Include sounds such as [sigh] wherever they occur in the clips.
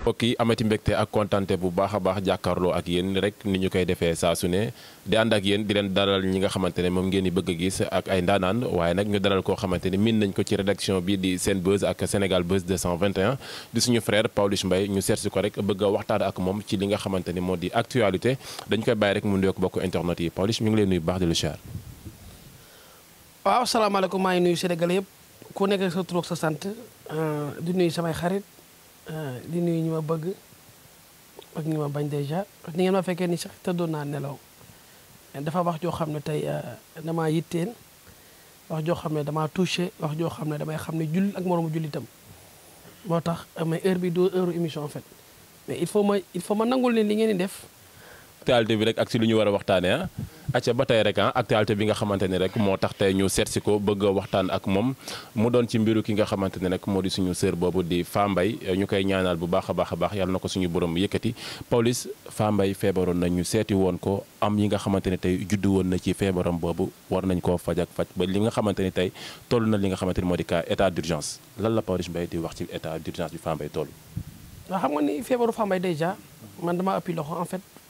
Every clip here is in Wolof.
mbokk yi amati mbégte ak kontante bu baax a baax jàkkaarloo ak yéen rek ni ñu koy defee saa su ne di ànd ak yéen di leen dalal ñi nga xamante ne moom ngeen di bëgg a gis ak ay ndaanaan waaye nag ñu dalal koo xamante ne miin nañ ko ci rédaction bi di Sen Buzz ak Sénégal Buzz 221 di suñu frère Pawlish Mbaye ñu seet ko rek bëgg a waxtaan ak moom ci li nga xamante ni moo di actualité dañ koy bàyyi rek mu nuyoog bokk internet yi Pawlish ñu ngi leen nuyu baax di la char maa ngi nuyu Sénégal yëpp ku nekk sa tur sa sant euh, di nuyu samay xarit di nuyu ñi ma bëgg ak ñi ma bañ dèjà ak ni ngeen ma fekkee ni sax doon naa nelaw dafa wax joo xam ne tey euh, damaa yitteen wax joo xam ne damaa touché wax joo xam ne damay xam ne jull ak moroomu jullitam moo tax euh, mais heure bi doo heure émission en mais il faut ma il faut ma nangul ne li ngeen di def. actualité bi rek ak si lu ñuy war a waxtaanee ah. acca ba tey rek ah actualité bi nga xamante rek moo tax tey ñu seet si ko bëgg a waxtaan ak moom mu doon ci mbiru ki nga xamante ni rek moo di suñu sœur boobu di Fambaye ñu koy ñaanal bu baax a baax a baax yàlla na ko suñu borom yëkkati Pawlish Fambaye feebaroon na ñu seeti woon ko am yi nga xamante ne tey juddu woon na ci feebaram boobu war nañ koo faj ak faj ba li nga xamante ni tey toll na li nga xamante ni moo di cas état d'urgence lan la di wax ci état d'urgence bi Fambaye toll waaw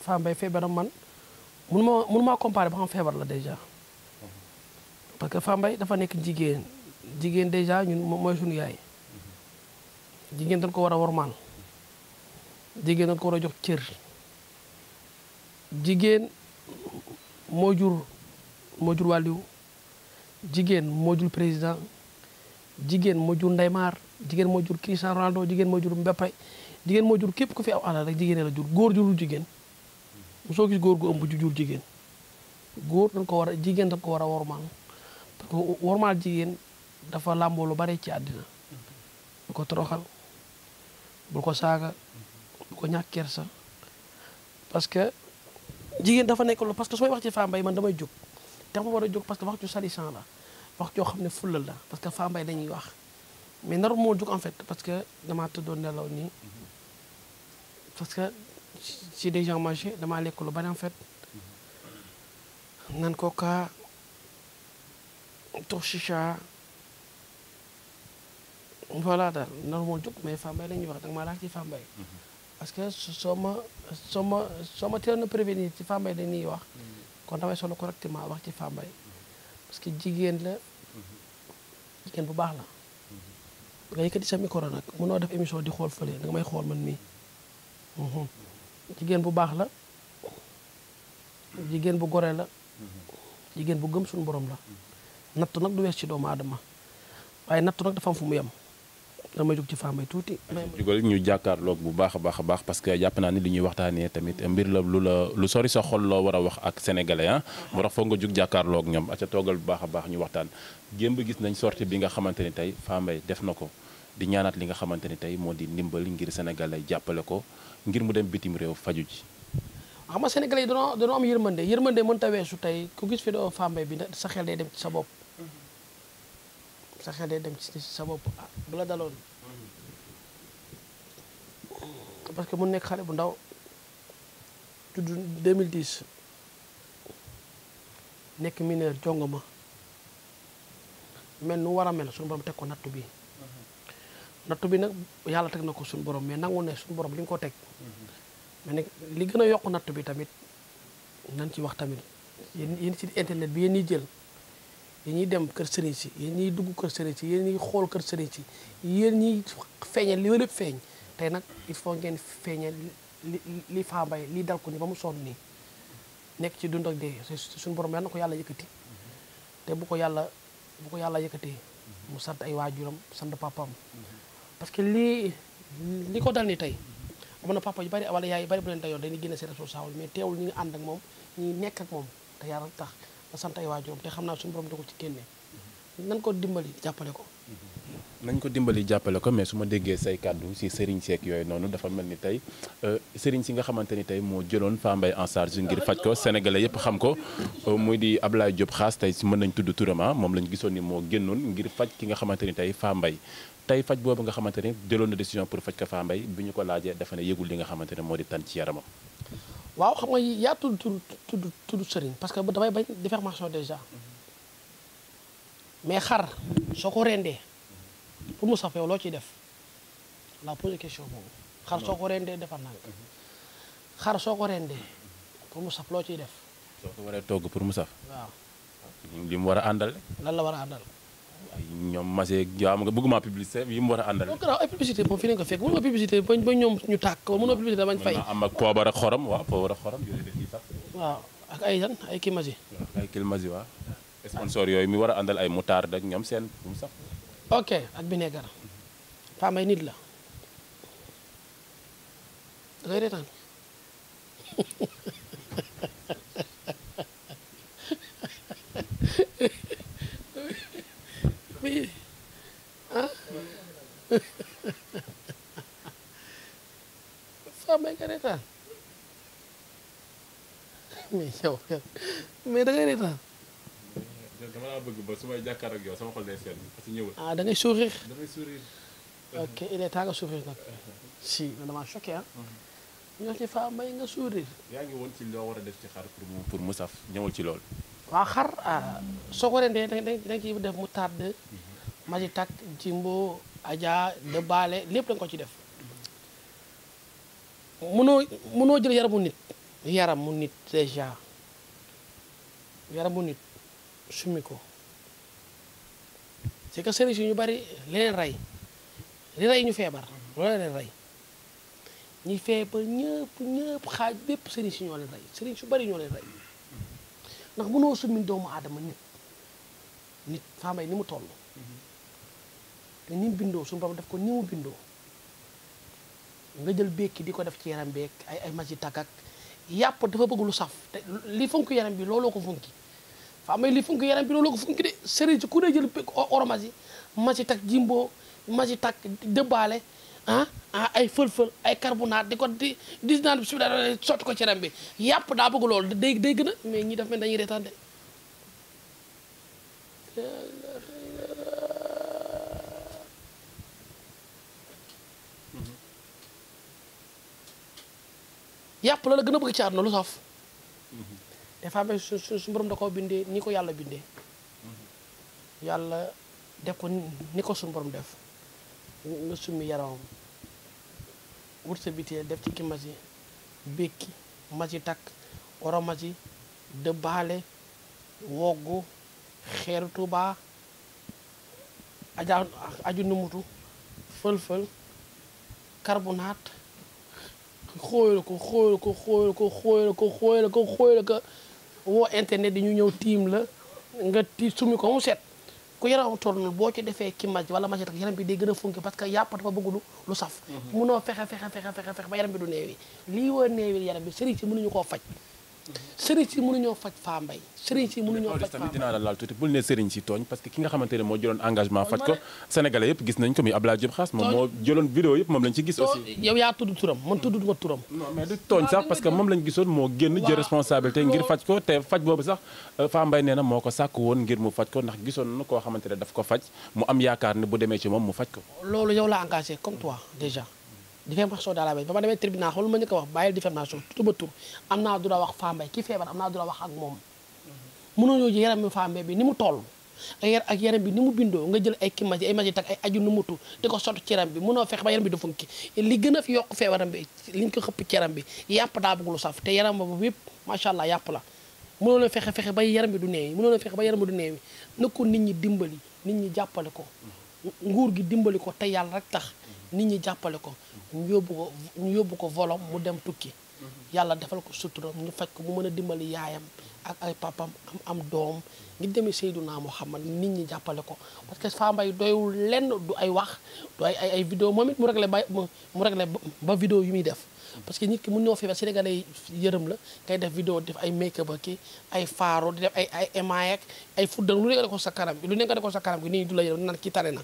xam mun ma mun maa comparer ba xam feebar la déjà parce que Fambaye dafa nekk jigéen jigéen déjà ñun mooy suñu yaay jigéen dañ ko war a wormaal jigéen dañ ko war a jox cër jigéen moo jur moo jur wàlliw jigéen moo jur président jigéen moo jur Neymar jigéen moo jur Cristiano Ronaldo jigéen moo jur Mbappé jigéen moo jur képp ku fi aw alal rek jigéen la jur góor jurul jigéen mosoo gis góor gu ëmb ju jur jigéen góor dañ ko war a jigéen dañ ko war a wormaal parce que wormaal jigéen dafa làmboo lu bare ci àddina bu ko toroxal bu ko saaga bu ko ñàkk kersa parce que jigéen dafa nekk lu parce que sooy wax ci Fambaye man damay jóg te ma war a jóg parce que wax ju la wax joo xam ne fulla la parce que Fambaye dañuy wax mais naru moo jóg en fait parce que damaa tëddoon nelaw nii parce ci des gens damaa lekk lu bari en fait nan coca tux chicha voilà daal nar moo jóg mais ñuy wax danga maa laaj ci Fambaye parce que soo ma soo ma soo ma teeloon a prévenir ci Fambaye la ñuy wax kon damay solo correctement wax ci Fambaye parce que jigéen la jigéen bu baax la nga yëkkati sa micro nag mënoo def émission di xool fële danga may xool man mii jigéen bu baax la jigéen bu gore la mm-hmm. jigéen bu gëm suñu borom la nattu nag du wees ci doomu aadama waaye nattu nag dafa am fu mu yem damay jóg ci Fambaye tuuti. jugal ñu jàkkaarloog bu baax a baax a baax parce que jàpp naa ni li ñuy waxtaanee tamit mbir la lu la lu sori sa xol loo war a wax ak sénégalais ah. Mm-hmm. moo tax foog nga jug jàkkaarloog ñoom aca toogal bu baax a baax ñu waxtaan gémb gis nañ sorti bi nga xamante ni tey Fambaye def na ko. di ñaanaat li nga xamante ni tey moo di ndimbal ngir sénégalais jàppale ko ngir mu dem bitim réew faju ji xam nga sénégalais yi danoo danoo am yërmande yërmande mën weesu tey ku gis fi doo Fambaye bi sa day dem sa bopp xel day dem ci sa bopp ah, bu la daloon parce que mu nekk xale bu ndaw nekk mineur jongoma mel nu war a mel suñu borom teg ko nattu bi nattu bi nag yàlla teg na ko suñu borom mais nangu ne suñu borom li nga ko teg mais li gën a yokk nattu bi tamit nañ ci wax tamit yéen yéen ci internet bi yéen ñiy jël yéen dem kër sëriñ si yéen ñiy dugg kër sëriñ si yéen ñiy xool kër sëriñ si yéen ñiy li wala tey nag il faut ngeen feeñal li li faambay li dal ko ba mu sonn nii nekk ci dund ak dee suñu borom yal na ko yàlla yëkkati te bu ko yàlla bu ko yàlla yëkkatee mu sant ay waajuram sant papam parce que lii li ko dal ni tey am na papa yu bari wala yaay yu bari bu leen dayoon dañuy génne si responsable mais teewul ñu ngi ànd ak moom ñu nekk ak moom te yàlla tax na sant ay waajuram te xam naa suñu borom da ko ci génne nañ ko dimbali jàppale ko. nañ ko dimbali jàppale ko mais su ma déggee say kàddu si Serigne Seck yooyu noonu dafa mel ni tey euh, Serigne si nga xamante ni tey moo jëloon Fa Mbaye en charge ngir faj ko sénégale yëpp xam ko euh, muy di Ablaye Diop Xaas tey mën nañ tudd turam ah, moom lañ gisoon ni moo génnoon ngir faj ki nga xamante ni tey Fa Mbaye tey faj boobu nga xamante ni jëloon na décision pour faj ko Faa Mbaye bi ñu ko laajee dafa ne yëgul li nga xamante ne moo di tànn ci yaramam. waaw xam nga yaa tudd tudd tudd tudd sëriñ parce que damay bañ diffamation déjà mais xar soo ko rendee pour mu saf loo ciy def la pose question boobu. xar soo ko rendee defar naa xar soo ko rendee pour mu loo ciy def. soo ko waree togg pour mu saf. waaw. war a àndal. lan la war a àndal. ay ñoom Masseek waaw nga bëgguma publicité yi mu war a àndal. donc ay publicité ba ba ñu tàkk wala mënoo publicité bañ fay. yi sax. waaw ak ay yan ay kilmasi. ay yooyu mi war a àndal ay moutarde ak ñoom seen bu mu sax. ok ak binegar Paa Mbaye nit la da reetaan [laughs] nga reetaan mais yow mais da ngay dama la bëgg ba su may jàkkaar ak yow sama xol day sedd parce que ñëwul. ah da ngay ok il est nga sourire nag. si man damaa choqué ah. Mhm. ñoo yaa ngi woon ci loo war a def ci pour mu saf ñëwul ci lool waa xar ah, soo ko rendee da nga def mu tàdd. Mhm. ma ci takk jimbo aja de baale lépp da nga ko ci def. mënoo mënoo jël yaramu nit yaramu nit déjà yaramu nit summi ko c'est que service ñu bari leen rey li rey ñu feebar loolu leen rey ñi feebar ñëpp ñëpp xaaj bépp sëriñ si ñoo leen rey sëriñ su bari ñoo leen rey ndax mënoo summi doomu aadama nit nit faambay ni mu toll mhm. ni mu bindoo suñu borom def ko ni mu bindoo nga jël békki di ko def ci yaram beeg ay ay magi takak yàpp dafa bëgg lu saf li fonk yaram bi looloo ko funki fa amee li fonk yaram bi looloo ko funki de sëriñ si ku ne jël oromasi magi tak jimbo magi tak dëbbaale ah, ah ay fël-fël ay carbonate di ko di dis naan si daal sotti ko ci yaram bi yàpp daa bëgg loolu day day gën a mais ñi daf mel dañuy reetaan de yàpp la la gën a bëgg ci àdduna lu saf dafa am mm-hmm. su su borom da koo bindee ni ko yàlla bindee mm-hmm. yàlla def ko ni ko suñu borom def nga summi yaramam wut sa bitee def ci ki masi békki masi takk oro masi dëbbaale woggu xeeru tubaa ajaa aju numutu fël-fël carbonate xooyal ko xooyal ko xooyal ko xooyal ko xooyal ko xooyal ko woo internet yi ñu ñëw tiim la nga ti sumi ko mu set ku yaram toll boo ci defee ki maj wala maj yaram bi day gën a funki parce que yàpp dafa bëgg lu saf mm-hmm. munoo fexe fexe fexe fexe ba yaram bi du neewi lii woo neewi yaram bi sëriñ si mënuñu koo faj sëriñ si mënuñoo faj Fa Mbaye sëriñ si tooñ parce que ki nga xamante ne moo jëloon engagement faj ko sénégalais yëpp gis nañ ko mi Abdoulaye Diop Khass moom lañ gisoon moo génn jël responsabilité ngir faj ko te faj boobu sax euh, Fa Mbaye nee na moo ko sàkk woon ngir mu faj ko ndax gisoon na koo xamante ne daf ko faj mu am yaakaar ne bu demee ci moom mu faj ko diffamation dans la ba ma demee tribunal xool ma ko wax bàyyil diffamation am naa droit wax Fambaye ki feebar am naa droit wax ak moom mënoo ñëw ci yaram Fambaye bi ni mu toll ak yaram bi ni mu bindoo nga jël ay kimasi ay masi tak ay aju nu tu di ko sotti ci yaram bi mënoo fexe ba yaram bi du funki li gën a fi yokk feebaram bi li ñu ko xëpp ci yaram bi yàpp daa bëgg lu saf te yaram boobu yëpp macha allah yàpp la mënoo leen fexe fexe ba yaram bi du neewi mënoo leen fexe ba yaram bi du neewi na ko nit ñi dimbali nit ñi jàppale ko nguur gi dimbali ko te yàlla rek tax nit ñi jàppale ko ñu yóbbu ko ñu volom mu dem tukki yàlla defal ko suturam ñu faj ko mu mën a dimbali yaayam ak ay papam am am doom ngi demee Seydunaa Muhammad nit ñi jàppale ko parce que Fa Mbaye doyul lenn du ay wax du ay ay moom it mu réglé ba mu réglé ba vidéo yu muy def parce que nit ki mun ñoo feebar sénégalais yërëm la ngay def vidéo def ay make up ki ay faaro di def ay ay émail ak ay fuddang lu nekk da ko sa kanam bi lu nekk da sa kanam bi nit ñi du la yërëm naan ki tane na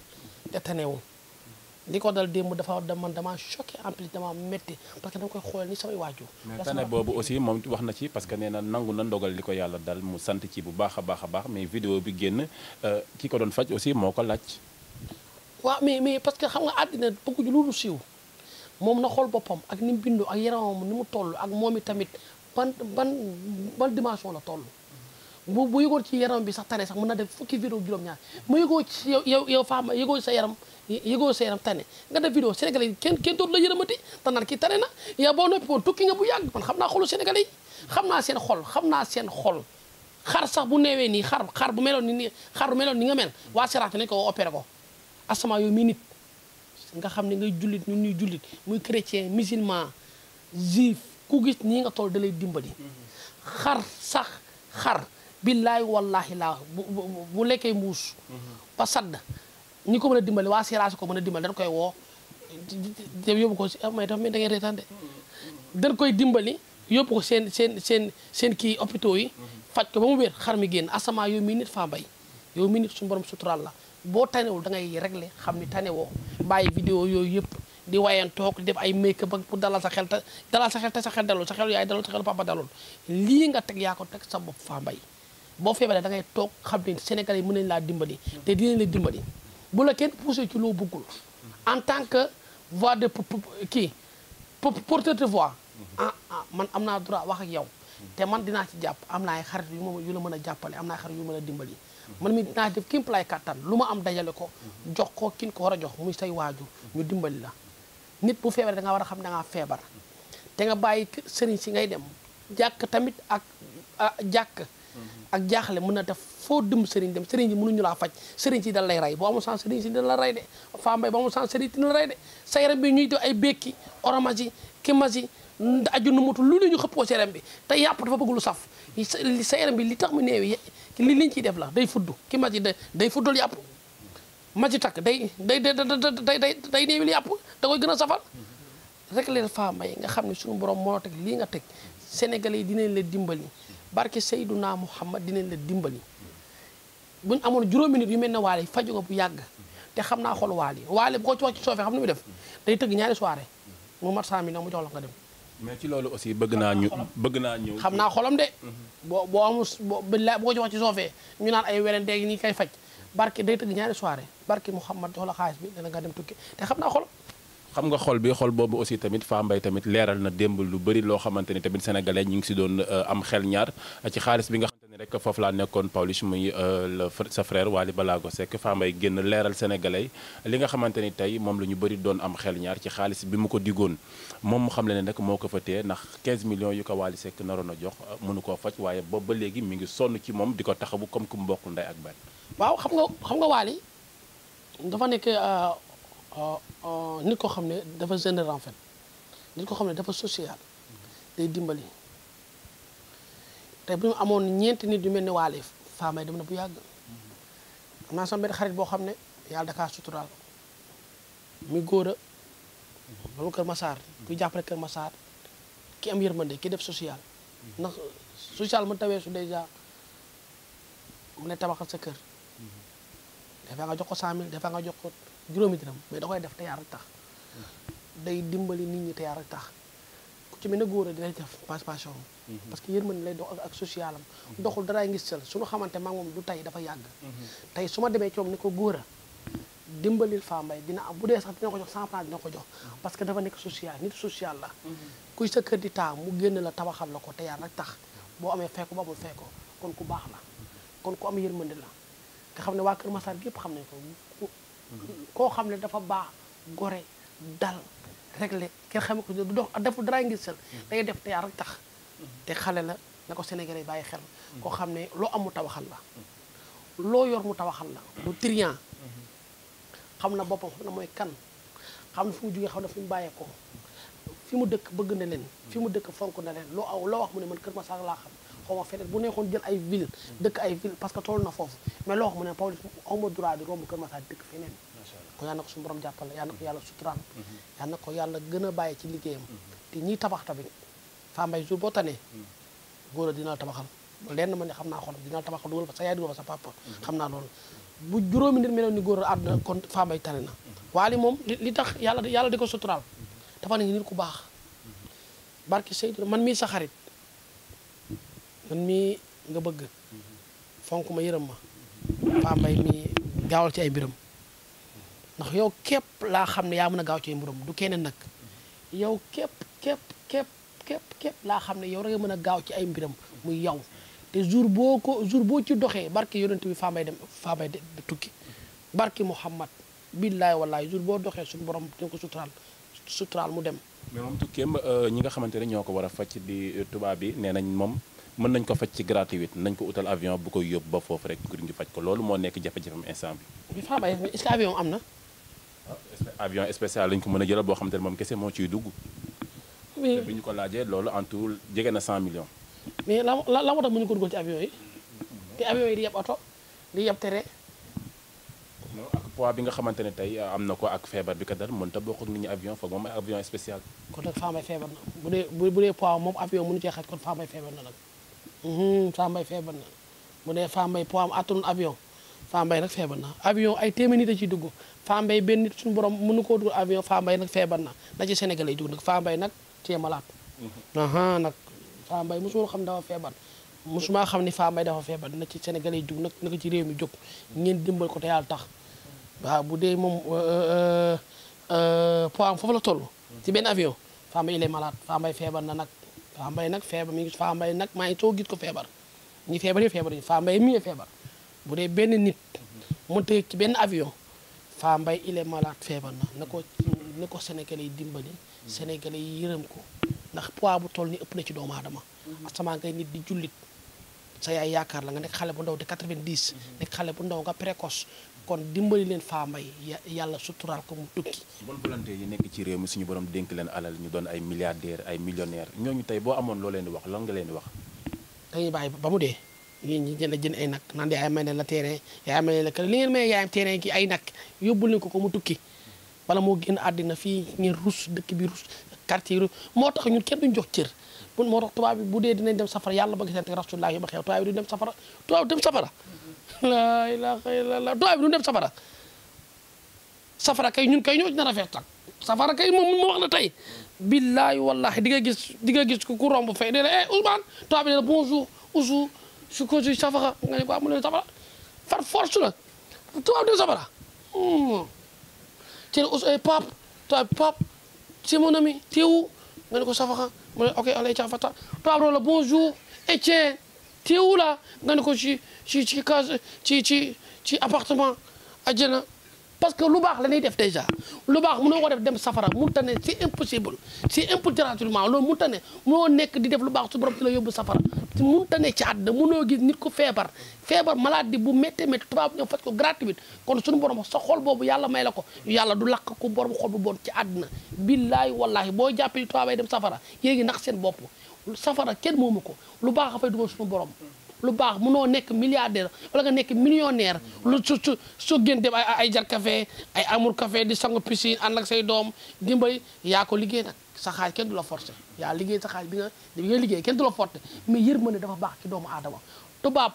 li ko dal démb dafa man dama choqué en plus dama métti parce que dama koy xoolal ni samay waajur mais tane boobu aussi moom wax na ci parce que nee na nangu na ndogal li ko yàlla dal mu sant ci bu baax a baax a baax mais vidéo bi génn euh, ki ko doon faj aussi moo ko laaj waaw mais mais parce que xam nga àddina bëgguñu loolu siiw moom na xool boppam ak ni mu bindoo ak yaramam ni mu toll ak moom i tamit ban ban ban dimension la toll bu bu yëgoon ci yaram bi sax tane sax mën na def fukki vidéo juróom-ñaar mu yëgoo ci yow yow yow faama yëgoo sa yaram yëgoo sa yaram tane nga def vidéo sénégalais kenn kenn dootu la yërëmati te naan kii tane na yow boo noppi woon tukki nga bu yàgg man xam naa xolu xam naa seen xol xam naa seen xol xar sax bu neewee nii xar xar bu meloon ni ni xar meloon ni nga mel waa séraate nañ ko opéré ko asama yow mi nit nga xam ni ngay jullit ñun ñuy jullit muy chrétien musulman juif ku gis nii nga toll da lay dimbali mm-hmm. xar sax xar billaay wallaahi laa bu bu lekkee mbuus. ba sadd ñi ko mën a dimbali waa Siraas ko mën a dimbali dañ koy woo. te yóbbu ko si ah may dafa mel da ngay koy dimbali yóbbu ko seen seen seen seen kii hôpitaux yi. faj ko ba mu wér xar mi génn asamaa yow mii nit faa bay yow mii nit suñu borom suturaal la boo tanewul da ngay régler xam ni tanewoo bàyyi vidéo yooyu yëpp. di wayeen toog di def ay make up pour dalal sa xel ta dalal sa xel te sa xel dalul sa xel yaay dalul sa xel papa dalul lii nga teg yaa ko teg sa bopp faa mbay boo feebaree da ngay toog xam ne Sénégalais yi mën nañ laa dimbali te dinañ la dimbali bu la kenn poussé ci loo bëggul en tant que voix de kii porteur de voix mm-hmm. ah ah man am naa droit wax ak yow te man dinaa ci jàpp am naa ay xarit yu ma yu la mën a jàppale am naa ay xarit yu mën a dimbali mm-hmm. man mi dinaa def kim play kattan lu ma am dajale ko mm-hmm. jox koo kin ko war a jox muy say waajur ñu dimbali la nit bu feebaree da nga war a xam da feebar te nga bàyyi sëriñ si ngay dem jàkk tamit ak ah, jàkk ak jaaxle mën na def foo dum sëriñ dem sëriñ yi mënuñu laa faj sëriñ si dal lay ray boo amul sans sëriñ si dina la rey de fa mbay boo amul sans sëriñ si dina sa yaram bi ñuy def ay békki oromage yi kimas yi aju nu mutu lu ñu xëpp ko sa bi te yàpp dafa bëgg lu saf sa yaram bi li tax mu néew li liñ ciy def la day fudd kimas yi day fuddal yàpp ma ci takk day day day day day néewil yàpp da koy gën a safal rek leen fa mbay nga xam ne suñu borom moo teg lii nga teg sénégalais yi dinañ la dimbali barke Seydunaa Muhammad dinañ la dimbali bu ñu amoon juróomi nit yu mel ne waale faju nga bu yàgg te xam naa xol waale waale bu ko ci xam nu def day tëgg ñaari soirée mu mat saa mi mu jox la nga dem. mais ci loolu aussi bëgg naa ñu bëgg naa ñëw. xam naa xolam de. boo boo amul boo bu ko ci wax ci soofee ñu naan ay werante yi nii kay faj barke day tëgg ñaari soirée barke Muhammad jox la xaalis bi dana nga dem tukki te xam naa xolam. xam nga xol bi xol boobu aussi tamit Fa Mbaye tamit leeral na démb lu bëri loo xamante ni tamit sénégalais ñu ngi si doon euh, am xel ñaar ci xaalis bi nga xamante ni rek foofu laa nekkoon Pawlish muy euh, sa frère Waly Balago Seck Fa Mbaye génn leeral sénégalais li nga xamante ni tey moom la ñu bëri doon am xel ñaar ci xaalis bi mu ko digoon moom mu xam le ne nag moo ko fa téye ndax 15 millions yu ko Waly sekk naroon a jox euh, mënu koo faj waaye boobu ba léegi mi ngi sonn ci moom di ko taxawu comme ku mu bokkul ndey ak baay waaw xam nga xam nga Waly nit ko xam ne dafa généreux en fait nit ko xam ne dafa social day dimbali te bu ñu amoon ñeenti nit yu mel ni waale faamay dem na bu yàgg am naa sama benn xarit boo xam ne yàlla daka suturaal mu góor a loolu Kër Massar ku jàppale Kër Massar ki am yërmande ki def social ndax social mu tawee su dèjà mu ne tabaxal sa kër dafaa nga jox ko 100000 dafaa nga jox ko juróomi dërëm mais da koy def te yàlla tax day dimbali nit ñi te yàlla tax ku ci mel ne góor a dina def participation mhm. parce que yërmande lay dox ak socialam mhm. doxul daraay ngis su suñu xamante maa moom du tey dafa yàgg mhm. tey su ma demee ci moom ko góor a dimbalil Fa Mbaye dina am bu dee sax dina ko jox 100 francs dina ko jox parce que dafa nekk social nit social la kuy sa kër di taa mu génn la tabaxal la ko te ak tax boo amee fekko boo amul fekko kon ku baax la kon ku am yërmande la nga xam ne waa Kër Massar gi xam nañ ko koo xam ne dafa baax gore dal réglé kenn xam ko du dox def dara ngir sel day def te yaa rek tax te xale la na ko Sénégalais bàyyi xel koo xam ne loo am mu tawaxal la loo yor mu tawaxal la lu trian xam na boppam xam na mooy kan xam na fu mu jógee xam ne fu mu bàyyeekoo fi mu dëkk bëgg na leen fi mu dëkk fonk na leen loo aw loo wax mu ne man Kër Massar laa xam xaw ma feneen bu neexoon jël ay ville dëkk ay ville parce que toll na foofu mais loo xam ne Pawlish awma droit di romb Kër Massar na ko suñu borom jàppale yal na ko yàlla suturaan mm-hmm. yal na ko yàlla gën a bàyyi ci liggéeyam mm-hmm. te nii tabax tamit Fambaye jour boo tanee mm-hmm. góor a dina la tabaxal lenn ma ne xam naa xolam dinaa la tabaxal dugal fa sa yaay dugal fa sa papa xam naa loolu bu juróomi nit meloon ni góor a àdduna kon Fambaye tane na waali moom li tax yàlla yàlla di ko suturaal dafa ne nit ku baax barki Seydou man mii sa xarit man mii nga bëgg fonk ma yërëm ma Paa Mbay mii gaawal ci ay mbiram ndax yow képp laa xam ne yaa mën a gaaw ci ay mbiram du keneen nag yow képp képp képp képp képp laa xam ne yow rek mën a gaaw ci ay mbiram muy yow te jour boo ko jour boo ci doxee barke yonent bi Paa Mbay dem Paa Mbay tukki barke Muhammad billaay wallaay jour boo doxee suñu borom dina ko suturaal suturaal mu dem mais moom tukkeem euh, ñi nga xamante ne ñoo ko war a faj di euh, tubaab bi nee nañ moom mën nañ ko faj ci gratuite nañ ko utal avion bu koy yóbbu ba foofu rek ngir ñu faj ko loolu moo nekk jafe-jafem instant bi. am na. Ah, avion spécial lañ ko mën a jëlal boo xamante ne moom kese moo ciy dugg. mais bi ñu ko laajee loolu en jege na 100 millions. mais la la la moo tax mënuñu ko ci avion yi. te oto di yeb tere. bi nga xamante ne tey am na ko ak feebar bi ka dal mënut a bokk ak nit ñi avion foog moom avion spécial. kon nag Fambaye feebar na bu dee bu dee poids moom avion mënu cee xaj kon Fambaye feebar na nag. Fambaye hmm, feebar na mu ne Fambaye poids am attanul avion Fambaye nag feebar na avion ay téeméeri nit a ciy dugg Fambaye benn nit suñu borom mënu koo dugg avion faambay nag feebar na na ci Sénégal ay dugg nag Fambaye nag cee malaat. Mm-hmm. nag Fambaye mosul xam dafa feebar. mosuma xam ni Fambaye dafa feebar na ci Sénégal ay jug nag na ko ci réew mi jóg ngeen dimbal ko te yàlla tax waaw bu dee moom euh, euh, euh, poids am foofu la toll. Mm-hmm. ci benn avion Fambaye il est malade feebar na nag. Faa mbay nag feebar mi ngi Faa Mbaye nag maa ngi soo gis ko feebar ñi feebar yi feebar yi Faa Mbaye mi ngi feebar bu dee benn nit mu tëye ci benn avion Faa mbay il est malade feebar na na ko na ko Sénégalais dimbali Sénégalais yi yërëm ko ndax poids bu toll ni ëpp na ci doomu aadama asamaan ngay nit di jullit sa yaay yaakaar la nga nekk xale bu ndaw de 90 nekk xale bu ndaw nga précoce kon dimbali leen Faa Mbay yàlla suturaal ko mu tukki. bonne yi nekk ci réew mi suñu borom dénk leen alal ñu doon ay milliardaires ay millionnaires ñooñu tey boo amoon loo wax lan leen di wax. dañuy bàyyi ba mu dee yéen ñi jënd jënd ay nag naan yaay may ne la terrain yaay may ne la li ngeen may yaayam terrain ay nag yóbbul leen ko ko mu tukki wala moo génn àddina fii ngeen rus dëkk bi rus quartier rus moo tax ñun kenn duñ jox cër. moo tax tubaab bi bu dee dinañ dem safara yàlla ba gisante rasulullah yi ba xew tubaab bi duñ dem safara tubaab dem safara. laa ilaaha illallaah tubaab bi du dem safara safara kay ñun kay ñoo ci nar a safara kay moom mu wax la tey billaahi wallaahi di nga gis di nga gis ku romb fay nee na eh Ousmane tubaab bi nee na bonjour Ousou su ko si safara nga ne ko mu ne safara far force la dem safara hmm. te ne Ousou pap tubaab pap ko safara mu ne ok la bonjour Etienne eh, t'es wula nga ne ko ci ci ci case ci ci ci appartement àjjana parce que lu baax la ñuy def déjà lu baax mënoo ko def dem safara mënta ne c'est impossible c'est impérativement loolu mënta ne mënoo nekk di def lu baax su borom di la yóbbu safara mënta ne ci àddina mënoo gis nit ku feebar feebar maladie bu méttee métti tubaab ñëw faj ko gratuite kon sunu borom sa xol boobu yàlla may la ko yàlla du lakk ko borom xol bu bon ci àddina billaahi wallaahi boo jàppee tubaab ay dem safara yéegi nax seen bopp safara kenn moomu ko lu baax a fay dugal suñu borom lu baax mënoo nekk milliardaire wala nga nekk millionnaire lu su su su gën dem ay ay jar café ay amour café di sangu piscine ànd ak say doom dimbali yaa ko liggéey nag sa xaaj kenn du la forcé yaa liggéey sa xaaj bi nga bi nga liggéey kenn du la forcé mais yërmande dafa baax ci doomu aadama tubaab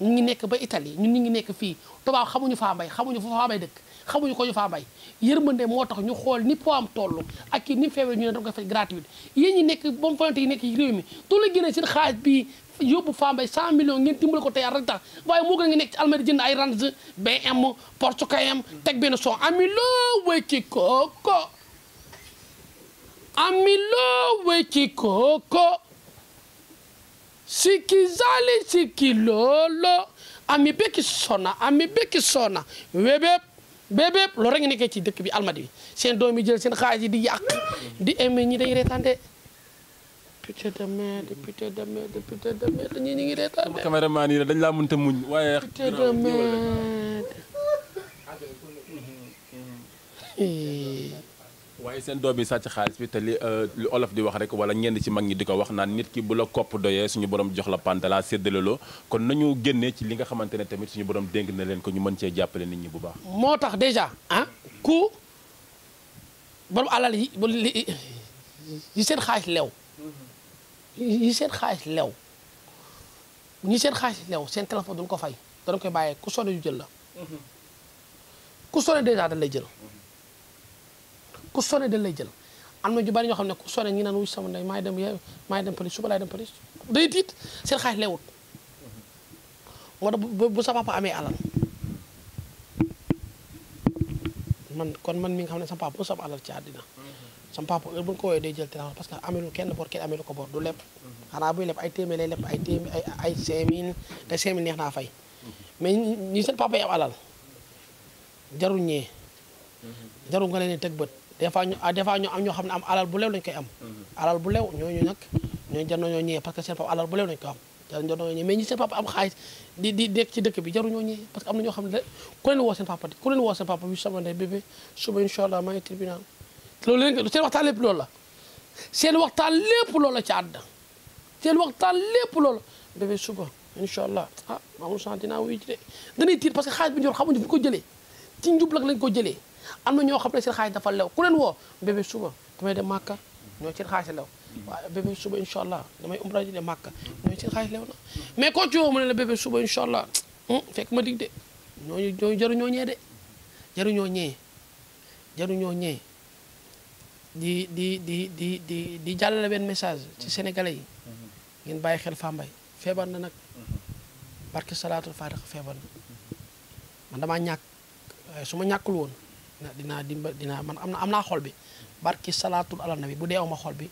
ñu ngi nekk ba Italie ñun ñu ngi nekk fii tubaab xamuñu faa mbay xamuñu fa faa mbay dëkk xamuñu ko ñu faa bay yërmande moo tax ñu xool ni poids am toll ak ni mu feewee ñu ne da ko faj gratuite yéen ñi nekk bonne volonté yi nekk ci réew mi tout la génne seen xaalis bi yóbbu Fambaye 100 ngeen dimbali ko teyar rek tax moo gën nga nekk ci almadi jënd ay range BM Porsche Cayenne teg benn son ami loo wecci kooko ami loo wecci kooko sikki zali sikki loolo ami bekki sona ami bekki sona webeb bépp loolu rek nekkee ci dëkk bi almadi seen doom yi jël seen xaalis yi di yàq di aimé ñi day reetaande putain de merde putain de merde putain de merde ñii ñu ngi dañ laa mënta muñ waaye putain [laughs] bàyyi seen doom yi sàcc xaalis bi te li euh, li olof di wax rek wala ñenn ci mag ñi di ko wax naan nit ki bu la kopp doyee suñu borom jox la pantala séddaleloo kon nañu génnee ci li nga xamante ne tamit suñu borom dénk na leen ko ñu mën cee jàppale nit ñi bu baax moo tax déjà ah ku borom alal yi yi seen xaalis lew yi seen xaalis lew ñi seen xaalis lew seen téléphone duñ ko fay danañ koy bàyyee ku sonné ñu jël la mm-hmm. ku sonné déjà dañ jël ku sone dañ lay jël am na ju bari ñoo xam ne ku sone ñi naan wuy sama ndey maay dem police suba laay dem police day tiit seen xaalis leewut moo tax bu sa papa amee alal man kon man mi nga xam ne sama papa bu sama alal ci àddina sama bu ñu ko woowee day jël téléphone parce que amelu kenn bor kenn amelu ko bor du lepp xanaa buy lepp ay téeméer lay lepp ay téeméer te cinq neex naa fay mais ñi seen papa yi am alal jarul ñee jarul nga leen des fois ñu ah, des fois ñu am ñoo xam ne am alal bu lew lañ koy am mm-hmm. alal bu lew ñooñu nag ñooñu jar nañoo ñëwee parce que seen papa alal bu lew lañ koy am jar nañoo ñëwee mais ñi seen papa am xaalis di di nekk ci dëkk bi jaruñoo ñëwee parce que am na ñoo xam ne ku leen woo seen papa ku suba incha lépp loolu la seen waxtaan lépp allah ah maamu sant naa wuyu ji de danay tiit parce que xaalis bi ñor xamuñu fu ñu ko jëlee ci njub lak lañ ko jëlee am na ñoo xam ne seen xaalis dafa lew ku leen woo bébé suba damay dem màkka ñoo seen damay umra ji dem màkka ñoo seen xaalis lew na mais koo ci woo mu ne la bébé suba incha allah fekk ma dig de ñooñu ñooñu jaruñoo ñee de jaruñoo ñee jaruñoo ñee di di di di di di jàllale benn message ci sénégalais yi ngeen bàyyi xel Fambaye feebar na nag barke salaatul faatixa feebar na man damaa ñàkk su ma ñàkkul woon dinaa dimbal dinaa man am na am naa xol bi barki salaatul ala nabi bu dee awma xol bi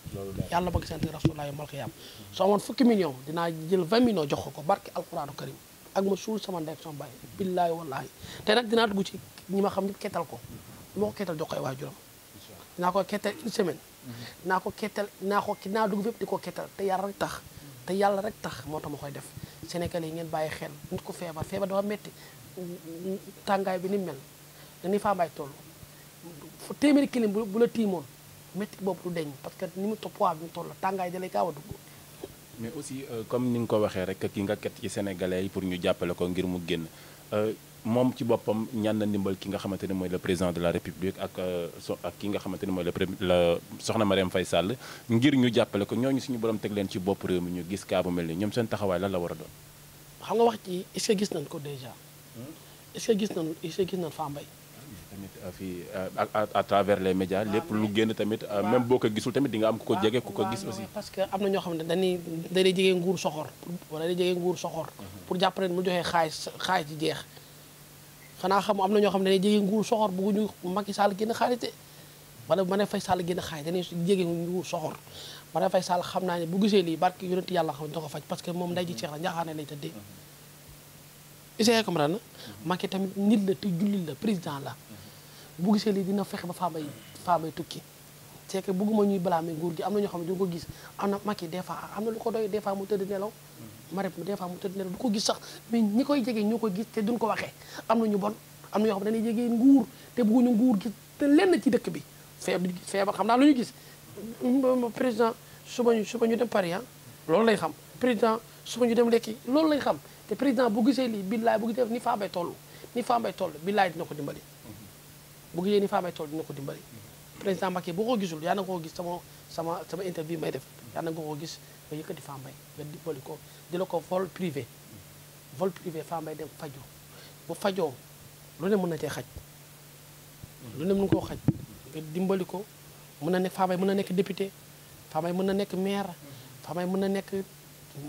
yàlla ba gisante rasulullah yomal xiyaam soo amoon fukki million dinaa jël 20 millions jox ko ko barki alquranu karim ak ma suul sama ndey ak sama baay billaahi wallaahi te nag dinaa dugg ci ñi ma xam ñëpp kettal ko moo ma ko kettal jox ko ay waajuram dinaa ko kettal une semaine dinaa ko kettal dinaa dugg fépp di ko kettal te yàlla rek tax te yàlla rek tax moo tax ma koy def sénégalais yi ngeen bàyyi xel nit ko feebar feebar dafa metti tàngaay bi ni mel na ni Fa Mbaye toll téeméeri kilim bu la tiimoon métti boobu du deñ parce que ni mu topp poids bi mu toll tàngaay da lay gaaw a dugg. mais aussi euh, comme ni nga ko waxee rek ki nga ket ci sénégalais yi pour ñu jàppale ko ngir mu génn euh, moom ci boppam ñaan na ndimbal ki nga xamante ne mooy le président de la république ak euh, so ak ki nga xamante ne mooy le la soxna Marième Faye Sall ngir ñu jàppale ko ñooñu suñu borom teg leen ci bopp réew mi gis kaa bu mel ni ñoom seen taxawaay la war a doon. xam nga wax ci est gis nañ ko déjà. est gis nañ est-ce que tamit euh, fii euh, à travers le médias ah, lépp lu génn tamit euh, même boo ko gisul tamit di nga am ku ko jege ku ko gis aussi parce que am na ñoo xam ne dañuy dañuy jege nguur soxor wala dañuy jege nguur soxor mhm. pour jàpp leen mu joxee xaalis xaalis ji jeex xanaa xam am na ñoo xam ne dañuy jege nguur soxor bëgguñu Macky Sall génn ma ne Sall génn xaalis dañuy jege nguur soxor ma ne Faye Sall xam naa ne bu gisee lii barke yonent yàlla xam ne da faj parce que moom nday ji ceex la njaaxaane lay tëddee mhm. is yaay comprendre na Macky tamit nit la te jullit la président la bu gisee lii dina fexe ba faabay faabay tukki c'est que bëgguma ñuy blâmer nguur gi am na ñoo xam ne duñu ko gis am na Macky des fois am na lu ko doy des fois mu tëdd nelaw Marème mu tëdd nelaw du ko gis sax mais ñi koy jege ñoo ko gis te duñ ko waxee am na ñu bon am na ñoo xam ne dañuy jege nguur te bëgguñu nguur gi te lenn ci dëkk bi feebar feebar xam naa lu ñu gis président suba ñu suba ñu dem Paris ah. loolu lay xam président suba ñu dem lekki loolu lay xam te président bu gisee lii billaay bu gisee ni Fambaye toll ni Fambaye toll billaay dina ko dimbali bu gisee ni Fambaye toll dina ko dimbali président Macky boo ko gisul yaa na ko gis sama sama sama interview may def yaa nga ko gis nga yëkkati Fambaye nga dimbali ko di la ko vol privé vol privé Fambaye dem fajo bu fajoo lu ne mën na cee xaj lu ne mën koo xaj nga dimbali ko mën na nekk Fambaye mën na nekk député Fambaye mën na nekk maire Fambaye mën na nekk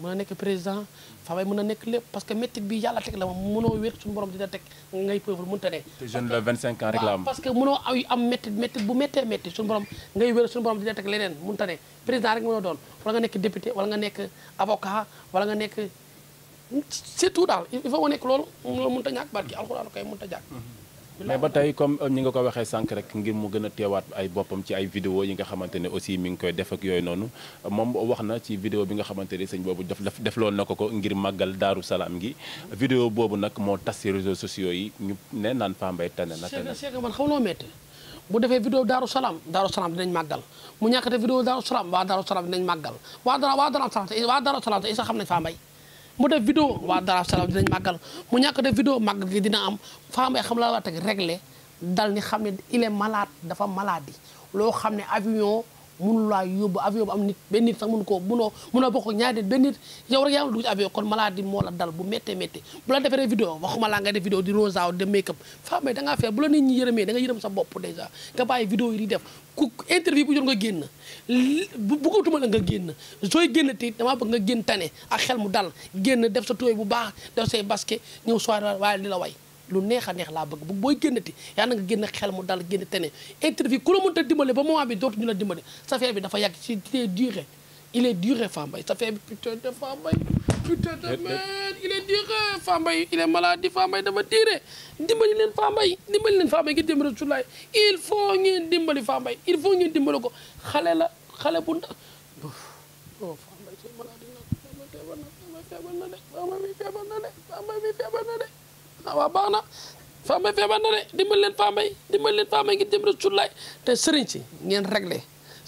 mën a nekk président faawaay mën a nekk lépp parce que métti bi yàlla teg la ma mënoo wér suñu borom dina teg ngay pauvre mënta ne te la 25 ans rek la am parce que mënoo a am métti métti bu méttee métti suñu borom ngay wér suñu borom dina teg leneen mënta ne président rek mënoo doon wala nga nekk député wala nga nekk avocat wala nga nekk c'est tout daal il faut nga nekk loolu loolu mënta ñàkk barki alxuraan kay mënta jàkk mais ba tey comme ñi euh, nga ko waxee sànq rek ngir mu gën a teewaat ay boppam ci ay vidéo yi nga xamante ne aussi mi ngi koy def ak yooyu noonu euh, moom wax na ci vidéo bi nga xamante ne sëñ boobu def defloon na ko ko ngir màggal daaru salaam gi vidéo boobu nag moo tas ci réseaux yi ñu ne naan Paa Mbaye tane na tane Cheikh man xam loo métti bu defee vidéo daaru salaam daaru salaam dinañ màggal mu ñàkkate vidéo daaru salaam waa daaru salaam dinañ màggal waa dara waa daaru salaam waa daaru salaam te isa xam nañ Paa Mbaye mu def vidéo waa Darou Salam dinañ màggal mu ñàkk def vidéo màgg gi dina am faa may xam la la teg réglé dal ni xam ne il est malade dafa maladie loo xam ne avion mënu laa yóbbu avion bu am nit benn nit sax mënu koo mënoo mënoo bokk ñaari benn nit yow rek yaa ngi dugg ci avion kon maladie moo la dal bu méttee méttee bu la defaree vidéo waxuma laa nga def vidéo di rosa de make up faa may da ngaa fexe bu la nit ñi yërëmee da nga yërëm sa bopp dèjà nga bàyyi vidéo yi di def ku interview bu jot nga génn bëggatuma la nga génn sooy génn te damaa bëgg nga génn tane ak xel mu dal génn def sa tooy bu baax def say basket ñëw soirée waaye li la way lu neex a neex laa bëgg bu booy génnati yaa na nga génn xel mu dal génn tene interview ku la dimbale ba moment bi dootuñu la dimbale sa feer bi dafa yàgg ci les durée il est duré Fambaye ça fait putain de Fambaye putain de merde il est duré Fambaye il est malade Fambaye dafa duré dimbali leen Fambaye dimbali leen Fambaye il faut ngeen dimbali Fambaye il faut ngeen dimbali ko xale la xale bu ndax oh Fambaye c'est feebar na de ah waaw baax na Fa Mbaye feebar na de dimbali leen Fa Mbaye dimbali leen Fa Mbaye ngeen jëm Rasulullaay te sëriñ si ngeen réglé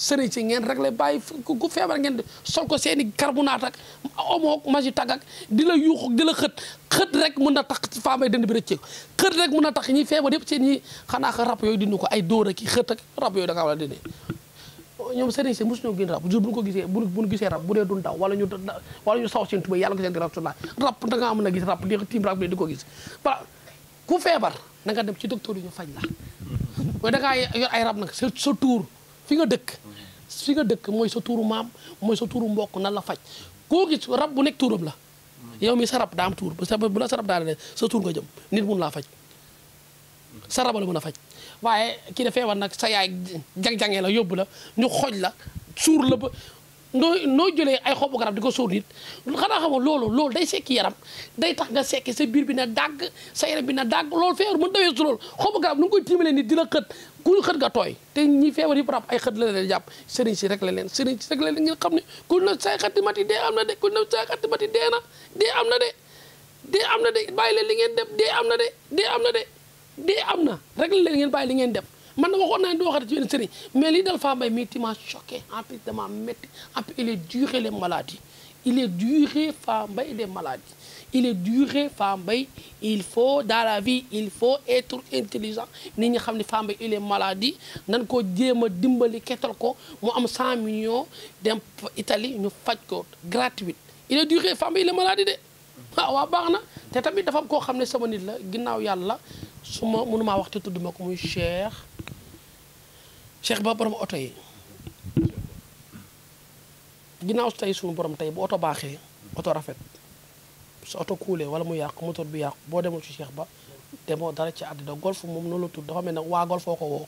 sëriñ si ngeen réglé bàyyi ku feebar ngeen sol ko seeni i carbonate ak omo magi tag ak di la yuuxu di la xët xët rek mën na tax Fa Mbaye dënd bi rëcceeku xët rek mën na tax ñi feebar yëpp seen ñi xanaa rab yooyu dindi ko ay dóor ak i xët ak rab yooyu da ngaa war a ñoom sëriñ si mosu ñoo gën rab jour bu ñu ko gisee bu ñu gisee rab bu dee dun daw wala ñu wala ñu saw seen tubéy yàlla ko seen di rasulaa rab da nga am na gis rab di tiim ko gis voilà ku feebar na nga dem ci docteur yi ñu faj la mooy da ngaa yor ay rab nag sa sa tuur fi nga dëkk fi nga dëkk mooy sa tuuru maam mooy sa tuuru mbokk nan la faj koo gis rab bu nekk tuuram la yow mi sa rab daa am tuur bu la sa rab daa sa tuur nga jëm nit mun laa faj sa rab la mën faj waaye kii dafee war nag sa yaay jang-jangee la yóbbu la ñu xooj la suur la ba noo noo jëlee ay xobu garab di ko suur nit xanaa xamoon loolu loolu day sekki yaram day tax nga sekki sa biir bi na dàgg sa yaram bi na dàgg loolu feebar mën dawee su loolu xobu garab nu ngi koy tiimalee nit di la xët ku xët nga tooy te ñi feebar yi rab ay xët la leen jàpp sëriñ si rek la leen sëriñ si rek la leen nga xam ne ku na say xatti mati dee am na de ku na say xatti mati dee na dee am na de dee am na de bàyyi leen li ngeen def dee am na de am na de dee am na rek leen ngeen bàyyi li ngeen dem man na waxoon naa ne du waxati ci benn sëriñ mais li dal Fa Mbaye mii ti ma choqué en plus dama métti en plus il est duré les maladies il Fa Mbaye des maladies il est duré Fa Mbaye il faut dans la vie il faut être intelligent nit ñi xam ne Fa Mbaye il est maladie nan ko jéem a dimbali kettal ko mu am 100 millions dem Italie ñu faj ko gratuite il est duré Fa Mbaye il est maladie de waaw ah, waaw baax na te tamit dafa am koo xam ne sama nit la ginnaaw yàlla su ma mënumaa wax te tudd ko muy Cheikh Cheikh ba borom oto yi ginnaaw tey suñu borom tey bu oto baaxee oto rafet sa oto kuulee wala mu yàq moteur bi yàqu boo demul ci Cheikh ba demoo dara ci àddina golf moom noonu la tudd dafa mel ne waa golf ko woo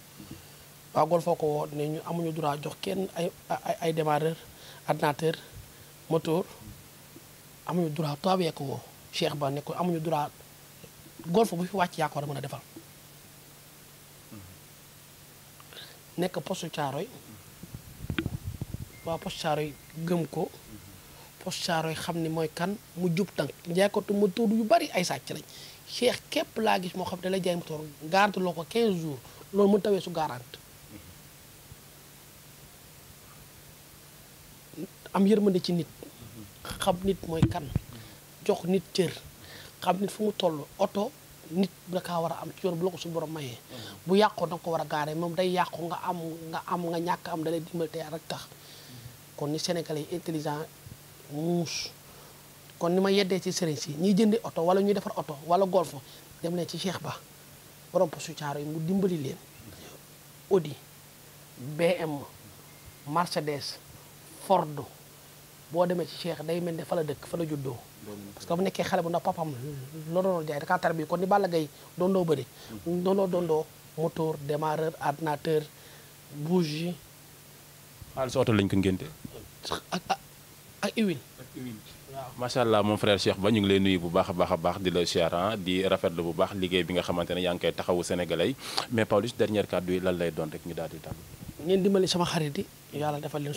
waa golf foo ko woo ne ñu amuñu droit jox kenn ay ay démarreur ordinateur moteur amuñu droit toobee ko woo Ba ne ko amuñu droit golf bu fi wàcc yaa a mën a defal nekk postu caaroy waa postu caaroy gëm ko postu caaroy xam ni mooy kan mu jub tànk njaaykatu ma tudd yu bari ay sàcc lañ Cheikh képp laa gis moo xam ne da lay jaay moto garante loo ko 15 jours loolu mu tawee su garante am yërmande ci nit xam nit mooy kan jox nit cër xam nit fu mu toll oto nit da kaa war a am ci yoon bu la ko suñu borom mayee mm. bu yàqoo da ko war a gaaree moom day yàqu nga am nga am nga ñàkk am da dimbali te rek tax kon ni sénégalais yi intelligent muus kon ni ma yeddee ci sëriñ si ñiy jëndi oto wala ñuy defar oto wala golf dem leen ci seex Ba borom posu caaro yi mu dimbali leen Audi BM Mercedes Ford boo demee ci Cheikh day mel ni fa la dëkk fa la juddoo parce que bu nekkee xale bu ndax papam loo doon jaay dakaa tar bi kon ni Balla Gaye dondoo bëri dondoo dondoo moteur démarreur ordinateur bougie xaalis oto lañ ko ngénte ak ak huile waaw macha allah moom frère Cheikh Ba ñu ngi lay nuyu bu baax a baax a baax di la siyaare ah, di rafetlu bu baax liggéey bi nga xamante ne yaa ngi koy taxawu sénégalais mais Pawlish dernière kàddu yi lan lay doon rek ñu daal di tàmm. ngeen sama xarit yi yàlla defal leen